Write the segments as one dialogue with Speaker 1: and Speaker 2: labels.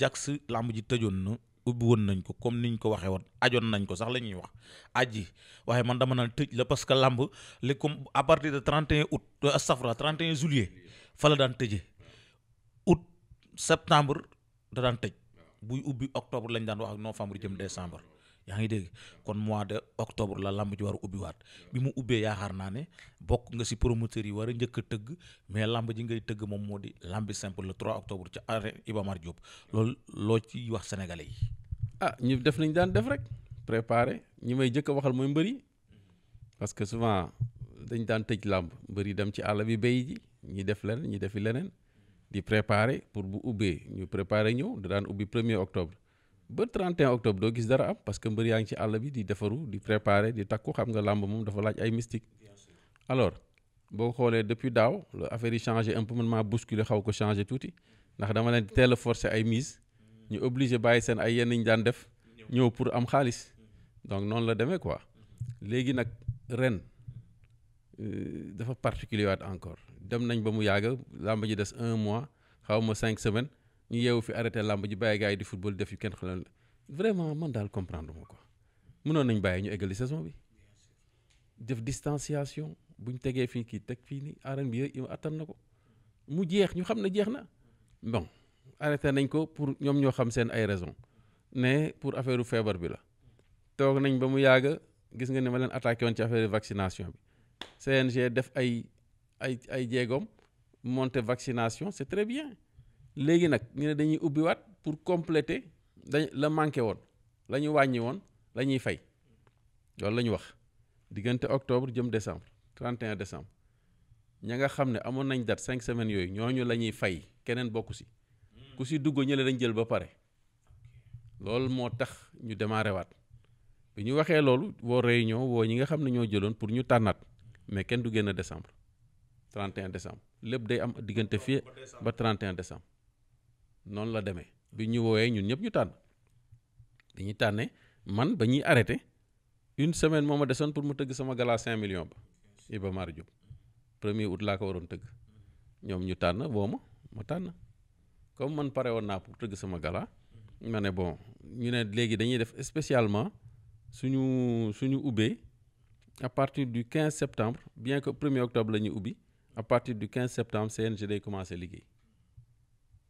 Speaker 1: jax làmb ji tëjoon na ubbi woon nañ ko comme niñ ko waxee woon ajoon nañ ko sax la ñuy wax aji waaye man dama naan tëj la parce que làmb li comme à partir de 31 août euh, safra 31 juillet fa la daan tëjee août septembre da daan tëj buy ubbi octobre lañ daan wax ak nofembre jëm décembre yaa ngi dégg kon mois de octobre la lamb ji war a ubbiwaat bi mu ubbee yaakaar naa ne bokk nga si promoteur yi war a njëkk a tëgg mais làmb ji ngay tëgg moom moo di lambi simple le 3 octobre ci arène Iba jóob Diop loolu loo ci wax sénégalais yi. ah ñu def nañ daan def rek préparé
Speaker 2: ñi may njëkk a waxal mooy mbër yi parce que souvent dañ daan tëj làmb mbër yi dem ci àll bi béy ji ñi def leneen ñi defi leneen di préparé pour bu ubbee ñu préparé ñëw da daan ubbi premier octobre. ba 31 octobre doo gis dara am parce que mbër yaa ngi ci àll bi di defaru di préparer di takku xam nga làmb moom dafa laaj ay mystique alors boo xoolee depuis daaw la affaire yi changé un peu man maa bousculé xaw ko changé tuuti ndax dama leen teel a forcer ay mise ñu obligé bàyyi seen ay yenn ñu daan def ñëw pour am xaalis donc noonu la demee quoi léegi nag ren euh, dafa particulier waat encore dem nañ ba mu yàgg làmb ji des un mois xaw ma cinq semaines ñu yeewu fi arrêté làmb ji bàyyi gars yi di football def yu kenn xelal vraiment mën daal comprendre ma ko mënoon nañ bàyyi ñu eggali saison bi def distanciation bu ñu tegee fii kii teg fii nii arène bi yooyu attan na ko mu jeex ñu xam ne jeex na bon arrêté nañ ko pour ñoom ñoo xam seen ay raison ne pour affaire feebar bi la toog nañ ba mu yàgg gis nga ne ma leen attaqué woon ci affaire vaccination bi CNG def ay ay ay jéegoom monter vaccination c'est très bien léegi nag ñu ne dañuy ubbiwaat pour compléter dañ la manqué woon la ñu wàññi woon la ñuy fay loolu la ñu wax diggante octobre jëm décembre 31 décembre ña nga xam ne amoon nañ date cinq semaines yooyu ñooñu la ñuy fay keneen bokku si ku si dugg ñële dañ jël ba pare loolu moo tax ñu démarré waat bi ñu waxee loolu woo réunion woo ñi nga xam ne ñoo jëloon pour ñu tànnaat mais kenn du génn décembre 31 décembre lépp day am diggante fii ba 31 décembre noonu la demee bi ñu woowee ñun ñëpp ñu tànn dañuy ñu tànnee man ba ñuy arrêté une semaine moom ma desoon pour ma tëgg sama gala 5 millions ba Iba Mar Diop premier août laa ko waroon tëgg ñoom ñu tànn woo ma ma tànn comme man pare woon naa pour tëgg sama galaa ma ne bon ñu ne léegi dañuy def spécialement suñu suñu ubbee a partir du 15 septembre bien que premier octobre la ñuy ubbi à partir du 15 septembre CNG day commencé liggéey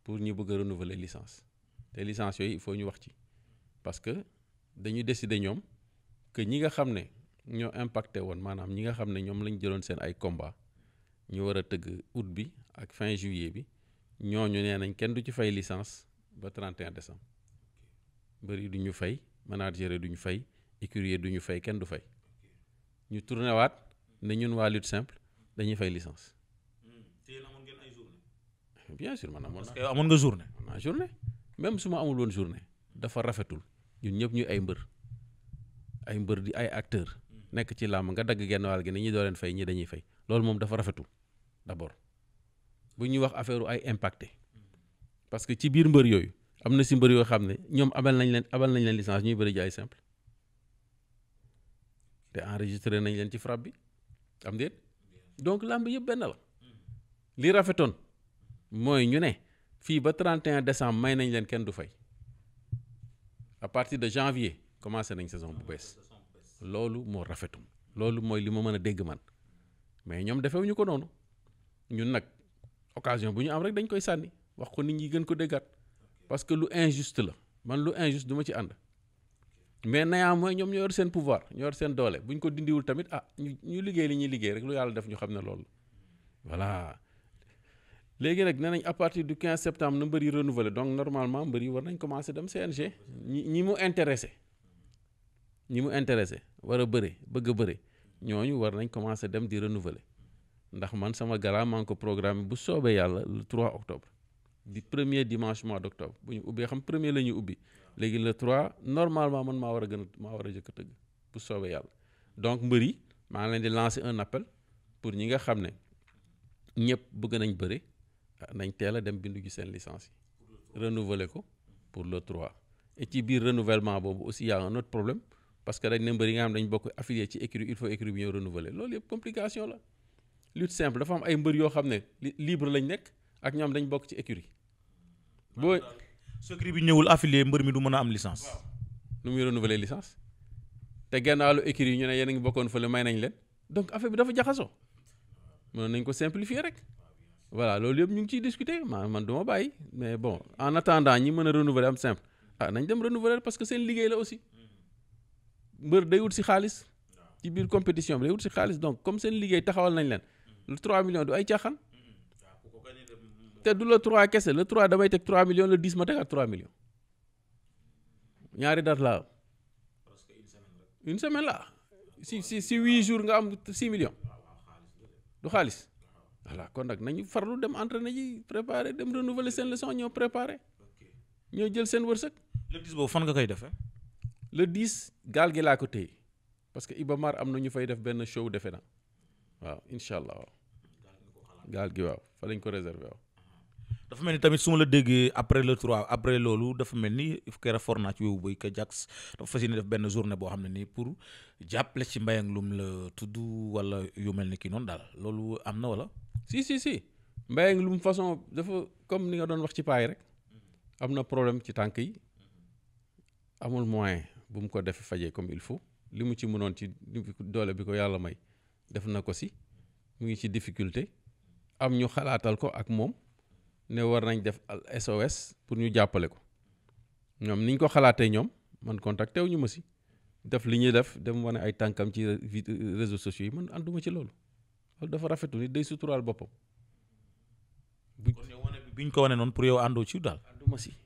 Speaker 2: pour ñu bëgg a renouveler licence te licence yooyu il faut ñu wax ci parce que dañu décider ñoom que ñi nga xam ne ñoo impacté woon maanaam ñi nga xam ne ñoom lañ jëloon seen ay combat ñu war a tëgg août bi ak fin juillet bi ñooñu nee nañ kenn du ci fay licence ba 31 décembre bëri du ñu fay manager du ñu fay écurie du ñu fay kenn du fay ñu tourné waat ne ñun waa lutte simple dañuy fay licence
Speaker 1: bien sûr man amoon naa. amoon nga journée.
Speaker 2: amoon journée même su ma amul woon journée dafa rafetul ñun ñëpp ñuy ay mbër ay mbër di ay acteur hmm. nekk ci làmb nga dagg genn wàll gi ne ñi doo leen fay ñi dañuy fay loolu moom dafa rafetul d'abord bu ñuy wax affaire ay impacté hmm. parce que ci biir mbër yooyu am na si mbër yoo xam ne ñoom abal nañ leen abal nañ leen licence ñuy bëri jaay ay simple te enregistré nañ leen ci frappe bi am déet donc làmb yëpp benn la hmm. li rafetoon. mooy ñu ne fii ba 31 décembre may nañ leen kenn du fay à partir de janvier commencé nañ saison bu bees loolu moo rafetum loolu mooy li ma mën a dégg man mais ñoom defewuñu ko noonu ñun nag occasion bu ñu am rek dañ koy sànni wax ko nit ñi gën ko déggaat parce que lu injuste la man lu injuste du ma ci ànd mais nayaa mooy ñoom ñoo yor seen pouvoir ñoo yor seen doole bu ñu ko dindiwul tamit ah ñu liggéey li ñuy liggéey rek lu yàlla def ñu xam ne loolu léegi nag nee nañ à partir du 15 septembre na mbër yi renouveler donc normalement mbër yi war nañ commencé dem CNG ñi ñi mu intéressé ñi mu intéressé war a bëre bëgg a bëre ñooñu war nañ commencé dem di renouveler ndax man sama gala maa ngi ko programme bu soobee yàlla lu trois octobre di premier dimanche mois d' octobre bu ñu ubbee xam premier la ñuy ubbi léegi le 3 normalement man maa war a gën a maa war a jëkk a tëgg bu soobee yàlla donc mbër yi maa ngi leen di lancer un appel pour ñi nga xam ne ñëpp bëgg nañ bëre. nañ teel dem bindu ji seen licence yi renouveler ko pour le 3 ci biir renouvellement boobu aussi y a un problème parce que dañ ne mbër yi nga xam dañ bokk affilié ci écurie il faut écurie bi ñëw renouveler la lutte simple dafa am ay mbër yoo xam ne libre lañ nekk ak ñoom dañ bokk ci écurie boo
Speaker 1: secret bi ñëwul affilié mbër mi du mën a am licence.
Speaker 2: nu muy renouveler licence te gannaalu écurie yi ñu ne yéen a ngi bokkoon fële may nañ leen donc affaire bi dafa jaxasoo mënoon nañ ko simplifier rek. voilà loolu yëpp ñu ngi ciy discuter ma man du ma bàyyi mais bon en attendant ñi mën a renouveler am simple ah nañ dem renouveler parce que seen liggéey la aussi mbër day wut si xaalis ci biir compétition bi day wut si xaalis donc comme seen liggéey taxawal nañ leen le 3 millions du ay caaxaan te du le 3 kese la 3 damay teg 3 millions le 10 ma tegaat 3 millions ñaari date laa une semaine la si si si huit jours nga am 6 millions xaalis. voilà kon nag nañu farlu dem entraîné ji préparé dem renouveler seen leçon ñoo préparé ñoo jël seen wërsëg. le 10 boobu fan nga koy defe le 10 gaal gi laa ko téye parce que Ibamar am na ñu fay def benn show defe na waaw incha allah gaal gi waaw fa lañ ko réservé waaw.
Speaker 1: dafa mel ni tamit su la déggee après le trois après loolu dafa mel ni keroog for naa ci wéwu béy ka Jax dafa fas def benn journée boo xam ne nii pour jàppale ci mbayan lum la tudd wala yu mel ni ki noonu daal loolu am na wala.
Speaker 2: si si si Mbaye lu mu façon dafa comme ni nga doon wax ci paay rek mm-hmm. am na problème ci tànk yi mm-hmm. amul moyen bu mu ko def fajee comme il faut li mu ci mënoon ci doole bi ko yàlla may def na ko si mu ngi ci difficulté am ñu xalaatal ko ak moom ne war nañ def SOS pour ñu jàppale ko ñoom niñ ko xalaatee ñoom man contacté wu ñu ma si def li ñuy def dem
Speaker 1: ne ay tànkam ci réseau sociaux yi man
Speaker 2: ànduma ci loolu loolu dafa rafetu nit day suturaal boppam.
Speaker 1: buñ ko biñ ko wane noonu pour yow àndoo ci daal.
Speaker 2: ànduma si.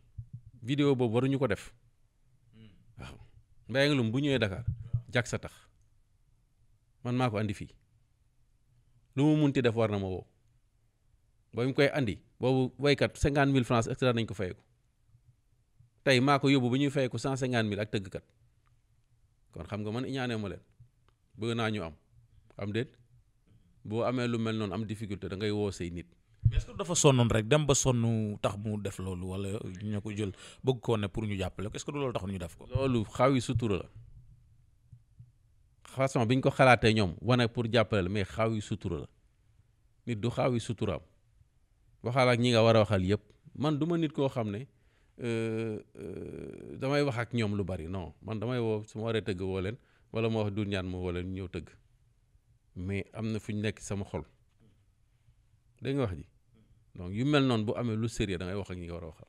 Speaker 2: vidéo boobu waruñu ko def hmm. waaw Mbaye Ngaloum bu ñëwee Dakar jàkk sa tax man maa ko indi fii lu mu munti def war na ma woo ba mu koy indi boobu waykat cinquante mille francs extra nañ ko fay ko tey maa ko yóbbu ba ñuy fay ko cent cinquante mille ak kat kon xam nga man ñaanee ma leen bëgg naa ñu am am déet boo amee lu mel noonu am difficulté dangay woo say nit.
Speaker 1: mais est-ce que dafa sonnoon rek dem ba sonn tax mu def loolu wala ñoo ko jël bëgg koo ne pour ñu jàppale ko est-ce que ñu def ko. loolu xaw yi sutura la
Speaker 2: façon bi ñu ko xalaatee ñoom wane pour jàppale la mais xaw yi sutura la nit du xaw yi suturaam waxal ak ñi nga war a waxal yëpp man du ma nit koo xam ne euh, euh, damay wax ak ñoom lu bari non man damay woo su ma waree tëgg woo leen wala ma wax du ñaan ma woo leen ñëw tëgg. mais am na fu ñu nekk sama xol dégg wax ji donc yu mel noonu bu amee lu sérieux da ngay wax ak ñi nga war a waxal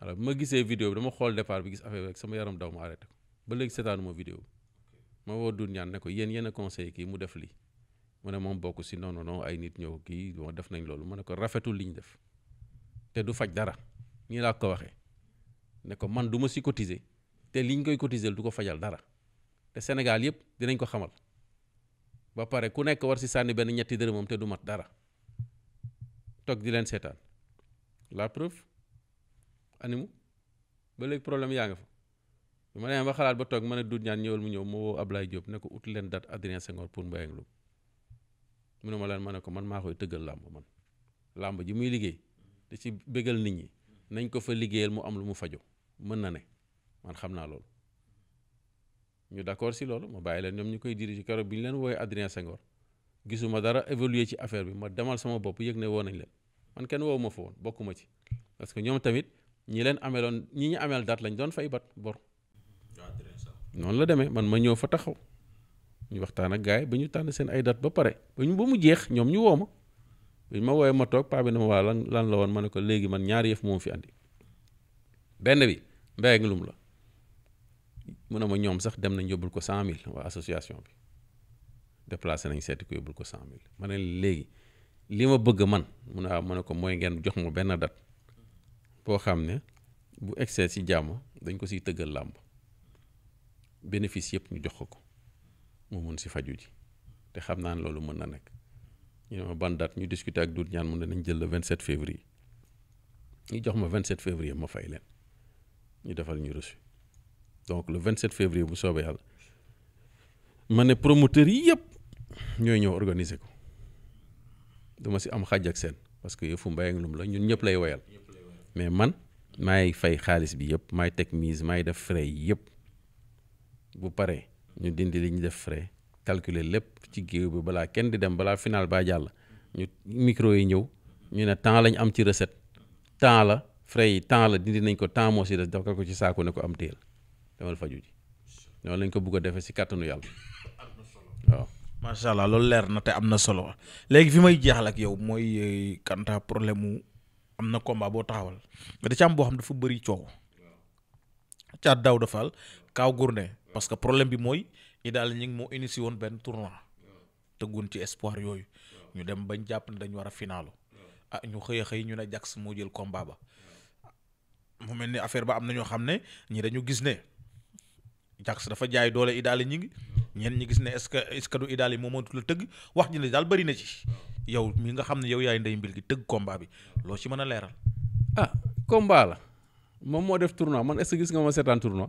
Speaker 2: alors bi ma gisee video bi dama xool départ bi gis affaire bi rek sama yaram daw ma arrêté ko ba léegi seetaanuma vidéo bi ma woo ñaan ne ko yéen yéen a kii mu def lii mu ne moom bokk si non non ay nit ñëw kii bon def nañ loolu ma ne ko rafetul li ñu def te du faj dara nii laa ko waxee ne ko man du ma si cotiser te liñ koy cotiser du ko fajal dara te Sénégal yëpp dinañ ko xamal ba pare ku nekk war si sànni benn ñetti dërëmam te du mat dara toog di leen seetaan la preuve animu ba léegi problème yaa ngi fa bi ma nee ba xalaat ba toog ma ne du ñaan ñëwal mu ñëw moo woo Ablaye Diop ne ko ut leen date Adrien Senghor pour Mbayang Loum mu ne ma leen ma ne ko man maa koy tëggal làmb man làmb ji muy liggéey da ci bégal nit ñi nañ ko fa liggéeyal mu am lu mu fajo mën na ne man xam naa loolu ñu d'accord si loolu ma bàyyi leen ñoom ñu koy diriger keroog bi ñu leen woowee Adrien Senghor gisuma dara évoluer ci affaire bi ma demal sama bopp yëg ne woo nañ leen man kenn woowu ma fa woon bokkuma ci parce que ñoom tamit ñi leen amee ameloon ñi ñu ameel date lañ doon fay bat bor. noonu la demee man ma ñëw fa taxaw ñu waxtaan ak gars yi ba ñu tànn seen ay dat ba pare ba ñu ba mu jeex ñoom ñu woo ma bi ma woowee ma toog paa na ma waa lan lan la woon ma ne ko léegi man ñaari yëf moom fi andi benn bi la. mu ne ma ñoom sax dem nañ yóbbul ko cent mille waa association bi déplacé nañ seeti ko yóbbul ko cent mille ma ne léegi li ma bëgg man mu ne waaw mu ne ko mooy ngeen jox ma benn dat boo xam ne bu excès si jàmm dañ ko siy tëggal làmb bénéfice yëpp ñu jox ko ko mu mun si faju ji te xam naa ne loolu mën na nekk ñu ne ma ban date ñu discuter ak Doudou Niane mu ne nañ jël le 27 février ñu jox ma 27 février ma fay leen ñu defal ñu reçu donc le 27 février bu soobee yàlla ma ne promoteurs yi yëpp ñooy ñëw organiser ko dama si am xàjj ak seen parce que yëfu mbay ak lum la ñun ñëpp lay woyal mais man maay fay xaalis bi yëpp maay teg mise maay def frais yëpp bu paree ñu dindi li ñu def frais calculer lépp ci géew bi balaa kenn di dem balaa final baa jàll ñu micro yi ñëw ñu ne temps lañ am ci recette temps la frais yi temps la dindi nañ ko temps moo si des defal ko ci saako ne ko am téel demal faju ji noonu lañ ko bëgg a defee si kàttanu yàlla
Speaker 1: waaw. macha allah loolu leer na te am na solo léegi fi may jeexal ak yow mooy eh, kanta problème mu am na combat boo taxawal da ci am boo xam dafa bëri coow ca Daouda Fall Kaw Gourdin parce que problème bi mooy ñi daal ñi ngi moo initié woon benn tournoi tëggoon ci espoir yooyu ñu dem bañ jàpp ne dañu war a finaalu a ah, ñu xëy xëy ñu ne Jax moo jël combat ba mu mel ni affaire ba am na ñoo xam ne ñi dañu gis ne. Jax dafa jaay doole Idaali ñi ngi ñenn ñi gis ne est-ce que est-ce que du Idaali moo tëgg wax ji ne daal bëri na ci yow mi nga xam ne yow yaay ndey mbil gi tëgg combat bi loo ci mën a leeral. ah combat la moom
Speaker 2: moo def tournoi man est gis nga ma seetaan tournoi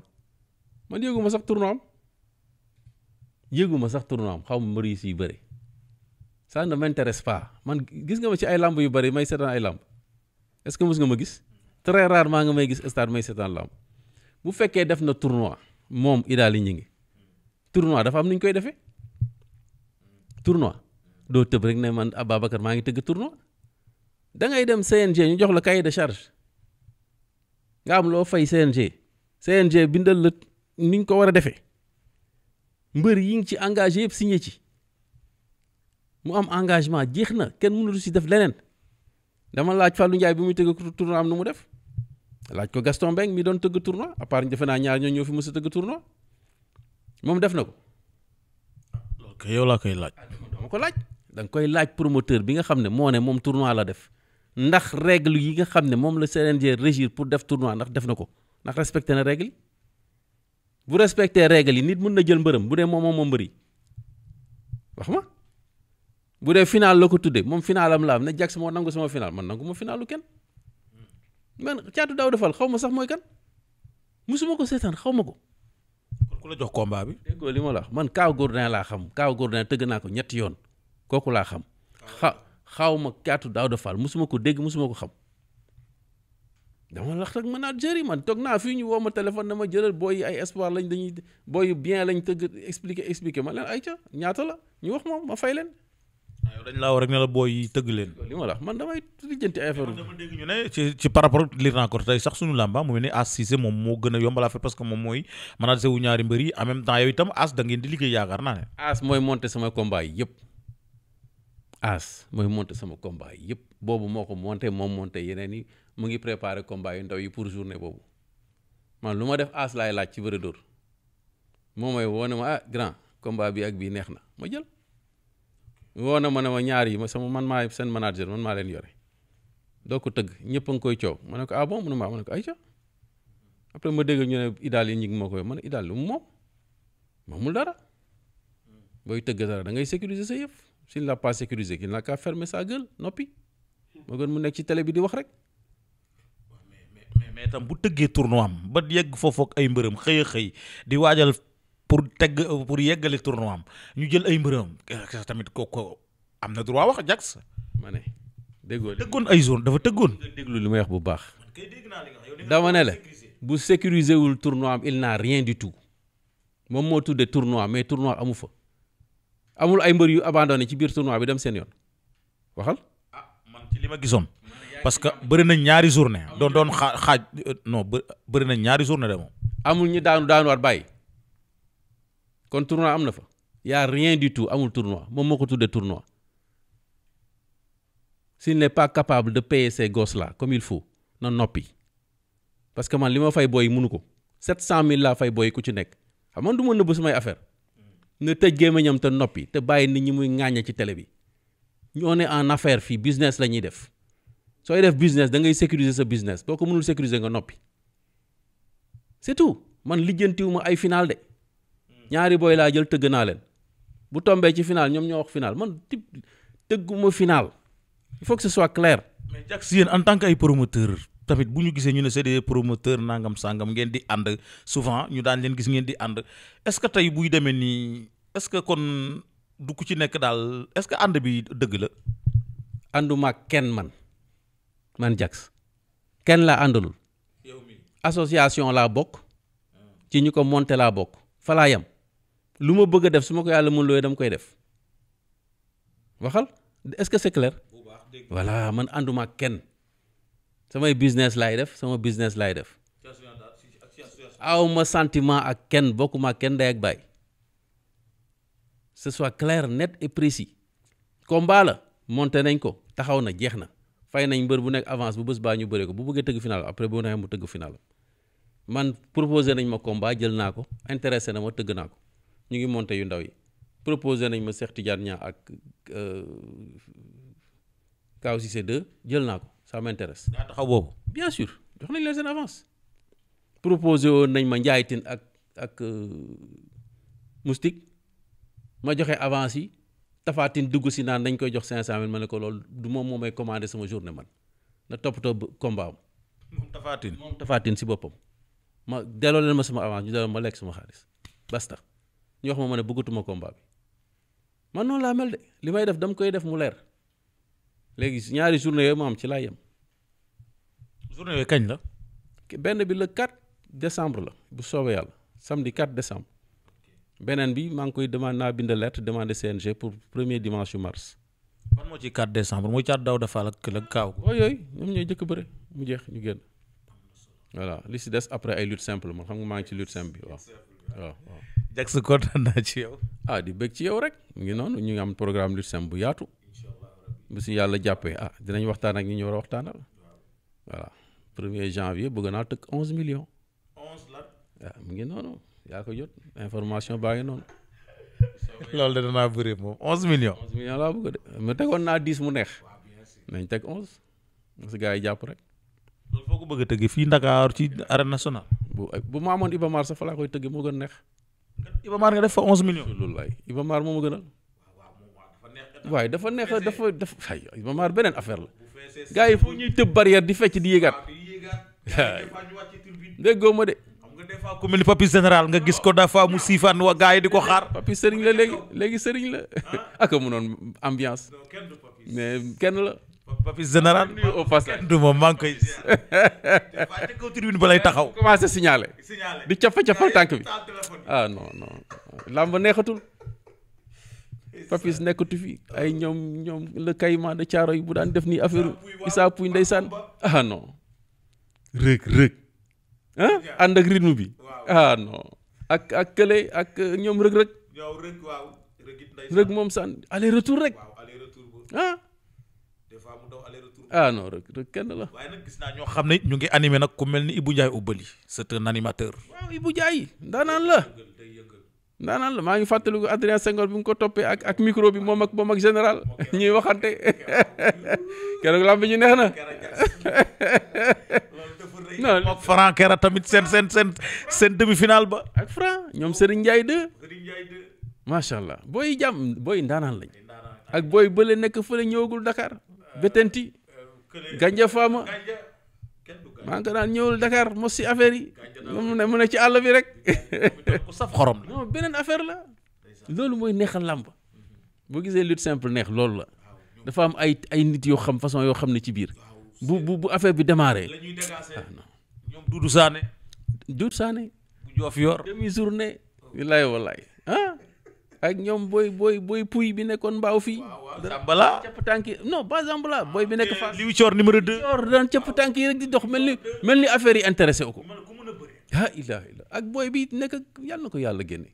Speaker 2: man yëgu ma sax tournoi yëgu ma sax tournoi am xaw ma mbër yi siy bëri ça ne man gis nga ma ci ay lamb yu bëri may seetaan ay lamb est que mës nga ma gis très rarement may gis stade may seetaan lamb bu fekkee def na tournoi. moom Idaly ñi ngi tournoi dafa am nu koy defee tournoi doo tëb rek ne man Ababacar maa ngi tëgg tournoi da ngay dem CNG ñu jox la cahier de charge nga am loo fay CNG CNG bindal la ni ñu ko war a defee mbër yi ngi ci engage yëpp signé ci mu am engagement jeex na kenn mënatu si def leneen dama laaj Fallou Ndiaye bi muy tëgg tournoi am nu mu def. laaj ko Gaston Mbengue mi doon tëgg tournoi à defe naa ñaar ñoo ñëw fi mos a tëgg tournoi moom def na ko.
Speaker 1: ok yow laa koy laaj. Ah, dama
Speaker 2: ko laaj da koy laaj promoteur bi nga xam ne moo ne moom tournoi la def ndax règle yi xam ne moom la CNG régir pour def tournoi ndax def na ko ndax respecté na règle bu respecté règle yi nit mun na jël mbërëm bu dee moom moom mbëri wax ma bu dee final la ko tuddee moom finalam la am ne Jax moo nangu sama final man nangu ma finalu kenn. man caatu daaw defal xaw ma sax mooy kan musuma ko seetaan xaw ma ko. ku la jox combat bi. déggoo li ma la man Kaaw Gourdin laa xam Kaaw Gourdin tëgg naa ko ñetti yoon kooku laa xam. xa xaw ma caatu daaw defal musuma ko dégg musuma ko xam. dama wax rek mën naa jëri man toog naa fi ñu woo ma téléphone dama jëlal booy yi ay espoir lañ dañuy booy bien lañ tëgg expliqué expliqué ma leen ay ca ñaata la ñu wax moom ma fay leen.
Speaker 1: Ah, yow dañ laa war rek ne la booy tëgg leen. li ma la
Speaker 2: man damay lijjanti ay affaire dama dégg ñu ne
Speaker 1: ci ci par rapport lire naa ko tey sax sunu làmba moom moo gën ne. sama
Speaker 2: combat yëpp boobu moo ko monter moom monter yeneen yi mu ngi préparer combat yu ndaw yi pour journée boobu man lu ma def as laaj ci bëre dóor moom mooy woo ah, grand combat bi ak bii neex na ma jël. woo na ma ne ma ñaar yi ma sama man maa seen manager man maa leen yore doo ko tëgg ñëpp nga koy coow ma ne ko ah bon mu ne ma ma ne ko ayca après ma dégg ñu ne idaal yi ñu ngi moo koy ma ne idaal lu mu moom moomul dara booy tëgg dara da ngay sécuriser sa yëf s'il n'a pas sécurisé qu'il n'a qu'à fermer sa gueule noppi moo gën mu nekk ci télé bi di wax rek.
Speaker 1: mais mais mais tam bu tëggee tournoi am ba yegg foofook ay mbërëm xëy xëy di waajal pour tegg pour yeggali tournoi am ñu jël ay mbërëm tamit kooku am na droit wax Jax. ma ne déggoo tëggoon ay zone dafa tëggoon. déglu li may yax bu baax. dama ne la
Speaker 2: bu sécuriser wul tournoi am il n'a rien du tout moom moo tuddee tournoi mais tournoi amu fa amul ay mbër yu abandonné ci biir tournoi bi dem seen yoon waxal. ah
Speaker 1: man ci li ma gisoon. parce que bëri nañ ñaari journée. doon doon xaaj euh, non bëri nañ ñaari journée de moom. amul ñu daanu daanuwaat bàyyi. kon tournoi am
Speaker 2: na fa y a rien du tout amul tournoi moom moo ko tuddee tournoi s'il n'est pas capable de paye ces gos la comme il faut na noppi parce que man li ma fay booy munu ko sept cent mille laa fay booy ku ci nekk xam man du ma nëbb samay affaire ne tëj gémmiñam te noppi te bàyyi nit ñi muy ŋàññe ci télé bi ñoo ne en affaire fii business la ñuy def sooy def business da ngay sécuriser sa business boo ko mënul sécuriser nga noppi c'est tout man lijjantiwuma ay final ñaari booy laa jël tëgg naa leen bu tombee ci final ñoom ñoo wax final
Speaker 1: man tib tëgguma final il faut que ce soit clair. mais Jax yéen en tant que ay promoteur tamit bu ñu gisee ñu ne c'est des promoteurs nangam sangam ngeen di ànd souvent ñu daan leen gis ngeen di ànd est-ce que tey buy demee nii est-ce que kon du ci nekk daal est-ce que ànd bi dëgg la.
Speaker 2: ànduma kenn man man Jax kenn laa àndalul. association laa bokk. ci ñu ko monté laa bokk fa yem. lu ma bëgg a def su ma ko yàlla mun looy dama koy def waxal est-ce que c'est clair voilà man ànduma kenn samay business laay def sama business laay def aw ma sentiment ak kenn bokkuma kenn day ak bàyyi ce soit clair net et précis combat la monté nañ ko taxaw na jeex na fay nañ mbër bu nekk avance bu bés baa ñu bëree ko bu bëggee tëgg final après bu neexee mu tëgg final man proposé nañ ma combat jël naa ko intéressé na ma tëgg naa ko ñu ngi monté yu ndaw yi proposé nañ ma Cheikh Tidiane ñaa ak euh, Kao si 2 jël naa ko ça m'intéresse. daa taxaw boobu. bien sûr jox nañ leen seen avance. proposé woon nañ ma Ndiaye Tine ak ak euh, Moustique ma joxe avance yi Tapha Tine dugg si naan dañ koy jox 500000 ma ne ko loolu du moom moo may commandé sama journée man na toppatoo combat am. moom Tapha moom Tapha si boppam. ma delloo leen ma sama avance ñu delloo ma lekk sama xaalis basta. ñu wax ma ne buggatuma combat bi man noonu laa mel de li may def dam koy def mu leer léegi ñaari journée yooyu ma ci laa yem. journée yooyu kañ la. benn bi le 4 decembre la bu soobee yàlla samedi 4 décembre beneen bi maa ngi koy demande naa bind lettre demande CNG pour premier dimanche mars. ban moo ci 4 décembre mooy caat Daouda Fall ak la kaaw. Oh, ooy ooy ñoom ñooy jëkk bëre mu jeex ñu génn voilà li si des après ay lutte simple man xam ci lutte simple bi waaw Jax kontaan naa ci yow. ah di bëgg ci yow rek mu ngi noonu ñu ngi am programme lu sem bu yaatu. mu si yàlla jàppee ah dinañ waxtaan ak ñi ñu war a waxtaanal. voilà premier janvier bëgg naa tëkk onze millions. onze la. waaw mu information baa ngi noonu.
Speaker 1: loolu de laa bëgg
Speaker 2: de ma tegoon naa dix mu neex. nañ teg onze. parce que gars yi jàpp rek. foo ko bëgg tëgg fii Ndakaaru ci arène nationale. bu bu ma amoon Iba fa laa koy tëgg moo gën neex. Iba Mar nga def fa onze millions. wallaay Iba Mar moo ma gënal. waaye dafa neex dafa dafa ay Iba Mar beneen affaire la. gars yi foo
Speaker 1: ñuy tëb barrière di fecc di yéegaat. déggoo ma de. xam nga papi général nga gis ko dafa mu siifaan wa yi di ko xaar. papi
Speaker 2: sëriñ la léegi léegi sëriñ la. Ah. ak a munoon ambiance. mais kenn la. Papis général nuyu au passage moom maa koy. waaye taxaw. commencé signalé. di cafa cafal tànk bi ah non non. neexatul. Papis nekkatu fi ay ñoom ñoom le caïman de Thiaro yi bu daan def nii affaire Issa Pouye ndeysaan ah non. rëg rëg ah ak rythme bi. ah non ak ak kële ak ñoom rëg rëg.
Speaker 1: rëg moom sànni aller retour rek ah non rek rek kenn la. waaye nag gis naa ñoo xam ne ñu ngi animé nag ku mel ni Ibou Ndiaye Obali c'est un animateur.
Speaker 2: waaw Ibou Ndiaye ndaanaan la ndaanaan la maa ngi fàttaliku Adrien Senghor bi mu ko toppee ak ak micro bi moom ak moom ak général ñuy waxante keroog lamb bi ñu neex na. non Kera tamit seen seen seen seen demi-finale ba. ak Franc ñoom Serigne Ndiaye 2. macha allah booy jàmm booy ndaanaan lañ. ak booy bële nekk fële ñëwagul Dakar euh, betenti. gànja faama maa ngi naan ñëwul Dakar mos si affaire yi mu ne mu ne ci àll bi rek saf xorom beneen affaire la loolu mooy neexal làmb mhm. boo gisee lutte simple neex loolu la dafa am ay ay nit yoo xam façon yoo xam ne ci biir bu bu bu affaire bi démarré ah non ñoom Doudou Sané Doudou Sané journée wallaay wallaay ah? ak ñoom booy booy booy puy bi nekkoon mbaaw fii. zambala cëpp tànk yi non ba zambala ah, booy bi nekk fa liu coor numéro 2. coor daan cëpp ah, tànk yi rek di dox mel ni mel ni affaire yi intéressé ko. ak booy bi nekk yàlla ko yàlla génne.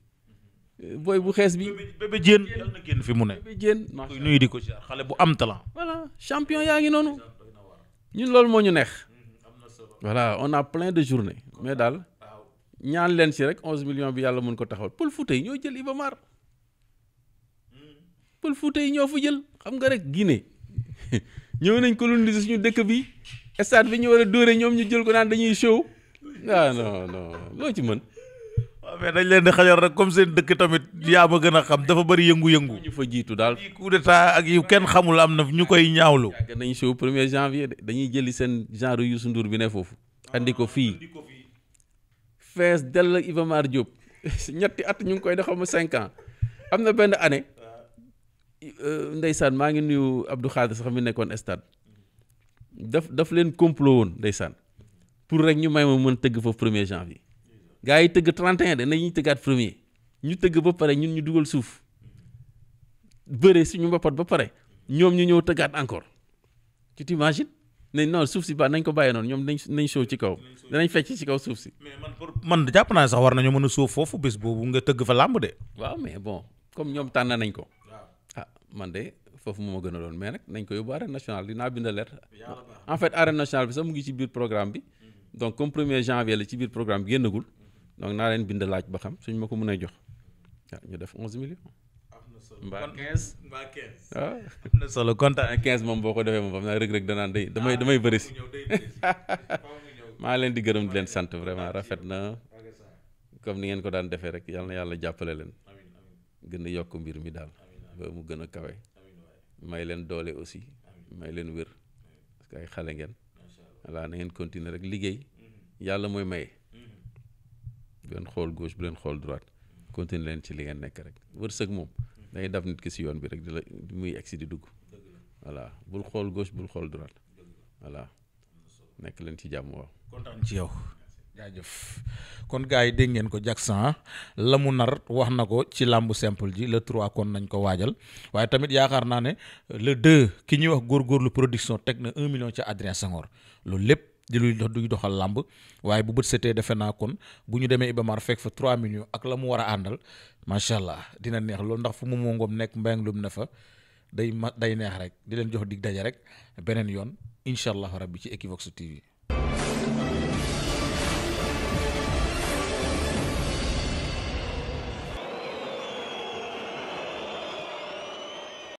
Speaker 2: booy bu xees bi bébé jéen yàlla
Speaker 1: na fi mu ne. bébé
Speaker 2: jéen koy nuyu di
Speaker 1: ko si xale bu am talent. voilà
Speaker 2: champion yaa ngi noonu. ñun loolu moo ñu neex. Mm-hmm,
Speaker 1: voilà on a plein de journées
Speaker 2: mais daal ñaan leen si rek 11 millions bi yàlla mun ko taxawal Pël Fuuta yi ñoo jël Iba pël Fuuta yi ñoo fa jël xam nga rek Guinée ñëw nañ coloniser suñu dëkk bi stade bi ñu war a dóore ñoom ñu jël ko naan dañuy show
Speaker 1: ah non loo ci mën. waaw ah, mais dañ leen di xajal rek comme seen dëkk tamit yaa ma gën a xam dafa bëri yëngu-yëngu. ñu fa jiitu daal yi coup ak yu kenn xamul am na ñu koy ñaawlu. yàgg
Speaker 2: nañ show premier janvier de dañuy jëli seen genre Youssou Ndour bi ne foofu. andi ko fii fees dell Iba Mar ñetti at ñu ngi koy doxal ma cinq ans am na benn année. Euh, ndeysaan maa ngi nuyu Abdou Khadir sax mi nekkoon stade daf daf leen complot woon ndeysaan pour rek ñu may ma mën tëgg fa premier janvier gars yi tëgg 31 de nañuy tëggaat premier ñu tëgg ba pare ñun ñu dugal suuf bëre suñu mboppat ba pare ñoom ñu ñëw tëggaat encore tu t'imagines ne non suuf si ba nañ ko bàyyi noonu ñoom nañ nañ show ci kaw danañ fecc ci kaw suuf si. mais man pour man
Speaker 1: jàpp naa sax war nañu mën a suuf foofu bés boobu nga tëgg fa làmb de. waaw mais bon
Speaker 2: comme ñoom tànn nañ ko. man de foofu moo ma gën a doon mais nag nañ ko yóbbu arène nationale naa bind lettre en fait arène nationale bi sax mu ngi ci biir programme bi mhm. donc comme premier janvier la ci biir programme bi génnagul mhm. donc naa leen bind laaj ba xam suñ ma ko mën a jox waaw ñu def onze millions. mbaa
Speaker 1: 15 mbaa 15.
Speaker 2: Ah. solo kontaan 15 moom boo ko defee moom xam naa rëg rëg danaan day damay damay bëri si ah, maa leen di gërëm di leen sant vraiment rafet na comme ni ngeen ko daan defee rek yàlla yàlla jàppale leen gën a yokk mbir mi daal. ba mu gën a kawe may leen doole aussi may leen wér parce que ay xale ngeen voilà na ngeen continuer rek liggéey mhm. yàlla mooy maye bu mhm. leen xool gauche bu leen xool droite mhm. continuer leen ci li ngeen nekk rek wërsëg moom dangay daf nit ki si yoon bi rek di la muy egsi di dugg voilà bul xool gauche bul xool droite voilà nekk leen ci jàmm waaw kontaan ci yow jaajëf
Speaker 1: kon gaa yi dégg ngeen ko Jackson ah, la mu nar wax na ko ci làmb simple ji le 3 kon nañ ko waajal waaye tamit yaakaar naa ne le 2 ki ñuy wax góor góorgóorlu production teg na un million ci Adrien Senghor loolu lépp di luy duy doxal làmb waaye bu bët setee defe naa kon bu ñu demee Ibamar fekk fa 3 millions ak la mu war a àndal macha allah dina neex loolu ndax fu mu moo ngoom nekk mbéyang lum ne fa day ma day neex rek di leen jox dig daje rek beneen yoon incha allah rabbi ci Equivox TV.